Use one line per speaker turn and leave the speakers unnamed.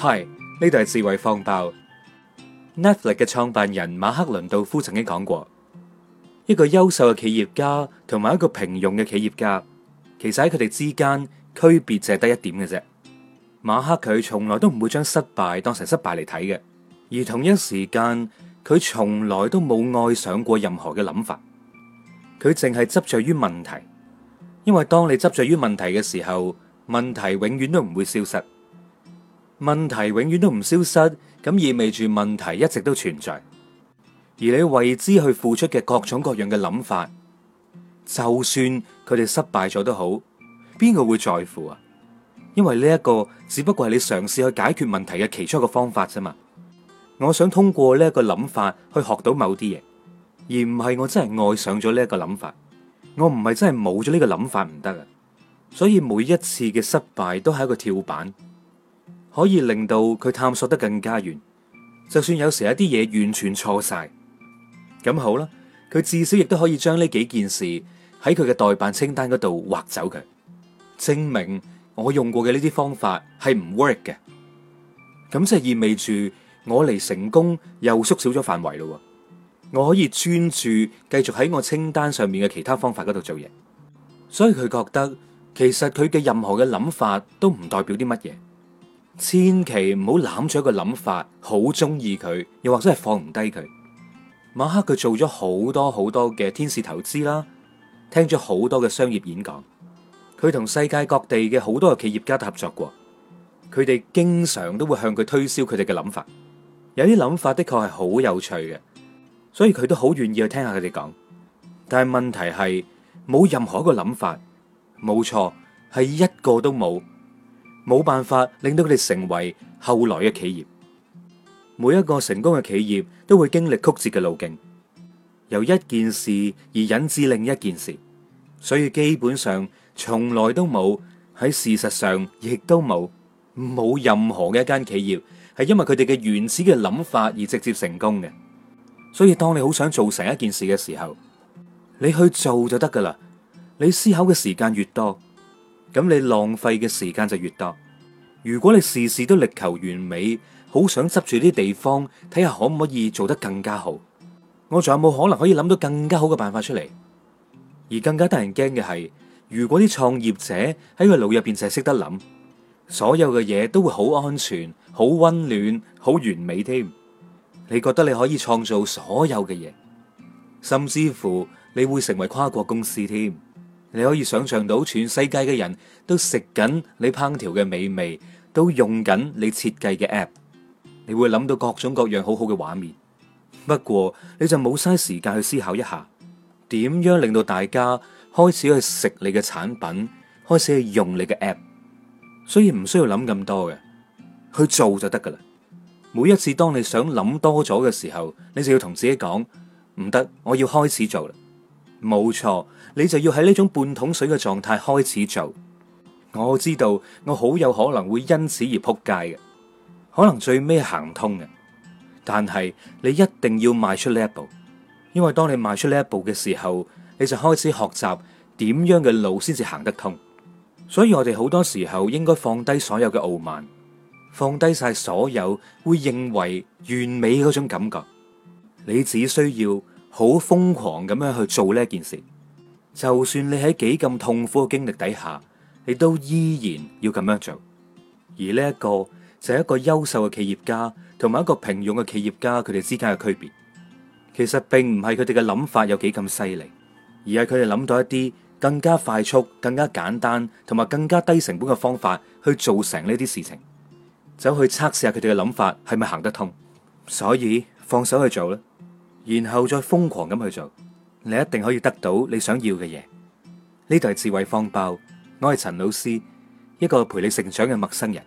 係呢度係智慧方包。Netflix 嘅創辦人馬克倫道夫曾經講過：一個優秀嘅企業家同埋一個平庸嘅企業家，其實喺佢哋之間區別只得一點嘅啫。馬克佢從來都唔會將失敗當成失敗嚟睇嘅，而同一時間佢從來都冇愛上過任何嘅諗法，佢淨係執着於問題。因為當你執着於問題嘅時候，問題永遠都唔會消失。問題永遠都唔消失，咁意味住問題一直都存在。而你為之去付出嘅各種各樣嘅諗法，就算佢哋失敗咗都好，邊個會在乎啊？因為呢一個只不過係你嘗試去解決問題嘅其中一個方法啫嘛。我想通過呢一個諗法去學到某啲嘢，而唔係我真係愛上咗呢一個諗法。我唔係真係冇咗呢個諗法唔得啊。所以每一次嘅失敗都係一個跳板。可以令到佢探索得更加遠，就算有時一啲嘢完全錯晒咁好啦。佢至少亦都可以將呢幾件事喺佢嘅代辦清單嗰度劃走佢，證明我用過嘅呢啲方法係唔 work 嘅。咁即係意味住我離成功又縮小咗範圍咯。我可以專注繼續喺我清單上面嘅其他方法嗰度做嘢，所以佢覺得其實佢嘅任何嘅諗法都唔代表啲乜嘢。千祈唔好攬住一個諗法，好中意佢，又或者係放唔低佢。馬克佢做咗好多好多嘅天使投資啦，聽咗好多嘅商業演講，佢同世界各地嘅好多嘅企業家都合作過，佢哋經常都會向佢推銷佢哋嘅諗法。有啲諗法的確係好有趣嘅，所以佢都好願意去聽下佢哋講。但係問題係冇任何一個諗法，冇錯係一個都冇。冇辦法令到佢哋成為後來嘅企業。每一個成功嘅企業都會經歷曲折嘅路徑，由一件事而引致另一件事。所以基本上從來都冇，喺事實上亦都冇冇任何嘅一間企業係因為佢哋嘅原始嘅諗法而直接成功嘅。所以當你好想做成一件事嘅時候，你去做就得㗎喇。你思考嘅時間越多，咁你浪費嘅時間就越多。如果你事事都力求完美，好想執住啲地方睇下可唔可以做得更加好，我仲有冇可能可以諗到更加好嘅辦法出嚟？而更加得人驚嘅係，如果啲創業者喺個腦入邊淨係識得諗，所有嘅嘢都會好安全、好溫暖、好完美添。你覺得你可以創造所有嘅嘢，甚至乎你會成為跨國公司添？你可以想象到全世界嘅人都食緊你烹調嘅美味，都用緊你設計嘅 app，你會諗到各種各樣好好嘅畫面。不過你就冇嘥時間去思考一下，點樣令到大家開始去食你嘅產品，開始去用你嘅 app。所以唔需要諗咁多嘅，去做就得㗎喇。每一次當你想諗多咗嘅時候，你就要同自己講唔得，我要開始做啦。冇錯，你就要喺呢種半桶水嘅狀態開始做。我知道我好有可能會因此而撲街嘅，可能最尾行通嘅。但係你一定要邁出呢一步，因為當你邁出呢一步嘅時候，你就開始學習點樣嘅路先至行得通。所以我哋好多時候應該放低所有嘅傲慢，放低晒所有會認為完美嗰種感覺。你只需要。好瘋狂咁樣去做呢件事，就算你喺幾咁痛苦嘅經歷底下，你都依然要咁樣做。而呢一個就係一個優秀嘅企業家同埋一個平庸嘅企業家，佢哋之間嘅區別，其實並唔係佢哋嘅諗法有幾咁犀利，而係佢哋諗到一啲更加快速、更加簡單同埋更加低成本嘅方法去做成呢啲事情。走去測試下佢哋嘅諗法係咪行得通，所以放手去做啦。然後再瘋狂咁去做，你一定可以得到你想要嘅嘢。呢度係智慧方包，我係陳老師，一個陪你成長嘅陌生人。